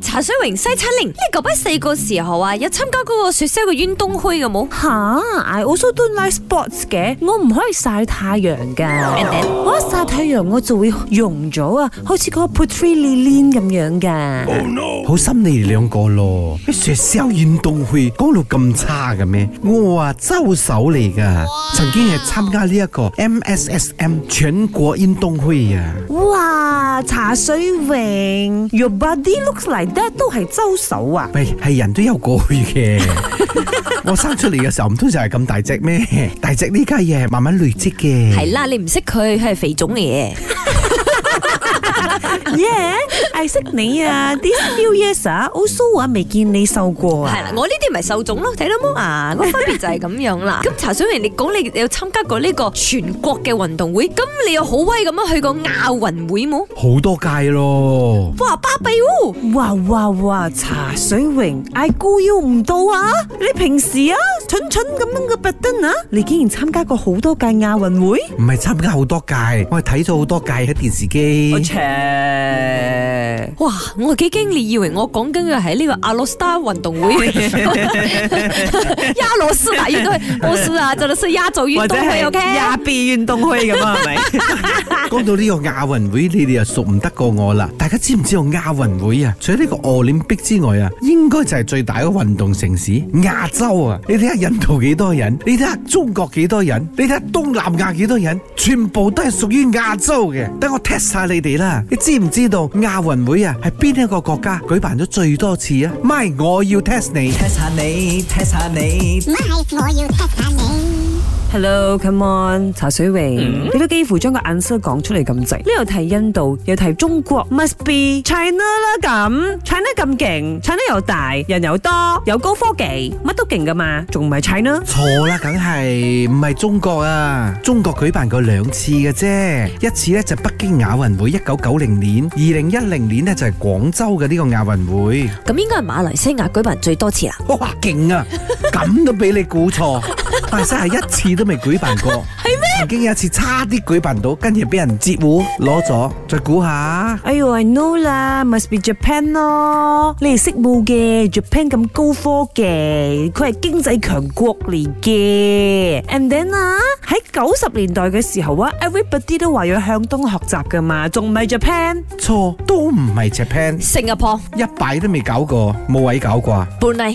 茶水榮西七零，你細個嗰時候啊，有參加嗰個學校嘅運動會嘅冇？吓，I also don't like sports 嘅，我唔可以曬太陽噶，我一曬太陽我就會溶咗啊，好似嗰個 Puteri Lilin 咁樣噶。Oh no，好心你哋兩個咯，你學校運動會講到咁差嘅咩？我啊周手嚟噶，曾經係參加呢一個 MSSM 全國運動會呀。哇，茶水榮，Your body looks like 大家都係周手啊，喂，係人都有過去嘅。我生出嚟嘅時候唔通就係咁大隻咩？大隻呢家嘢係慢慢累積嘅。係啦，你唔識佢，佢係肥腫嚟嘅。Yeah，I 識你啊，Dear New Year 啊，我 also 話未見你瘦過啊。係啦，我呢啲咪瘦腫咯，睇到冇啊？個分別就係咁樣啦。咁茶水榮，你講你有參加過呢個全國嘅運動會，咁你有好威咁樣去過亞運會冇？好多屆咯。哇，巴閉烏！哇哇哇，茶水榮，I 高腰唔到啊！你平時啊？蠢蠢咁樣嘅拜登啊！你竟然參加過好多屆亞運會？唔係參加好多屆，我係睇咗好多屆喺電視機。我 check。哇，我幾驚你以為我講緊嘅係呢個阿羅斯達運動會。亞羅斯達應該不是啊，真係是亞洲運動會，亞比運動會咁啊？咪。講到呢個亞運會，你哋又熟唔得過我啦？大家知唔知道亞運會啊？除咗呢個奧林匹克之外啊，應該就係最大嘅運動城市亞洲啊？呢啲。印度幾多人？你睇下中國幾多人？你睇下東南亞幾多人？全部都係屬於亞洲嘅。等我 test 下你哋啦。你知唔知道亞運會啊，係邊一個國家舉辦咗最多次啊？咪我要 test 你，test 下你，test 下你，唔係我要 test 下你？Hello，come on，茶水榮，你都幾乎將個 answer 講出嚟咁滯。呢度提印度，又提中國，must be China 啦咁。China 咁勁，China 又大，人又多，有高科技，乜都勁噶嘛，仲唔係 China？錯啦，梗係唔係中國啊！中國舉辦過兩次嘅啫，一次咧就北京亞運會，一九九零年，二零一零年咧就係廣州嘅呢個亞運會。咁應該係馬來西亞舉辦最多次啦。哇，勁啊！咁都俾你估錯。大西係一次都未舉辦過，係咩？曾經有一次差啲舉辦到，跟住俾人截胡攞咗，再估下。哎呦，I know 啦，must be Japan 咯。你係識冇嘅？Japan 咁高科技，佢係經濟強國嚟嘅。And then 啊，喺九十年代嘅時候啊，everybody 都話要向東學習噶嘛，仲唔係 Japan？錯，都唔係 Japan。新加坡一擺都未搞過，冇位搞過。不內。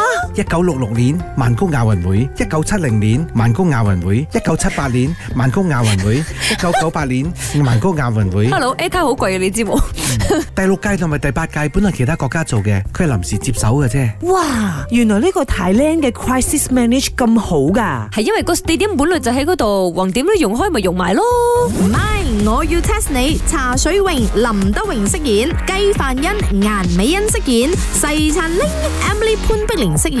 一九六六年曼谷亞運會，一九七零年曼谷亞運會，一九七八年曼谷亞運會，一九九八年曼谷亞運會。h e l l o a t a 好貴啊，你知冇？嗯、 第六屆同埋第八屆本來其他國家做嘅，佢係臨時接手嘅啫。哇，原來呢個 n 蘭嘅 crisis manage 咁好噶，係因為個地點本來就喺嗰度，橫掂都融開咪融埋咯。唔係，我要 test 你。茶水泳、林德榮飾演，雞范恩、顏美恩飾演，細陳玲、Emily 潘碧玲飾演。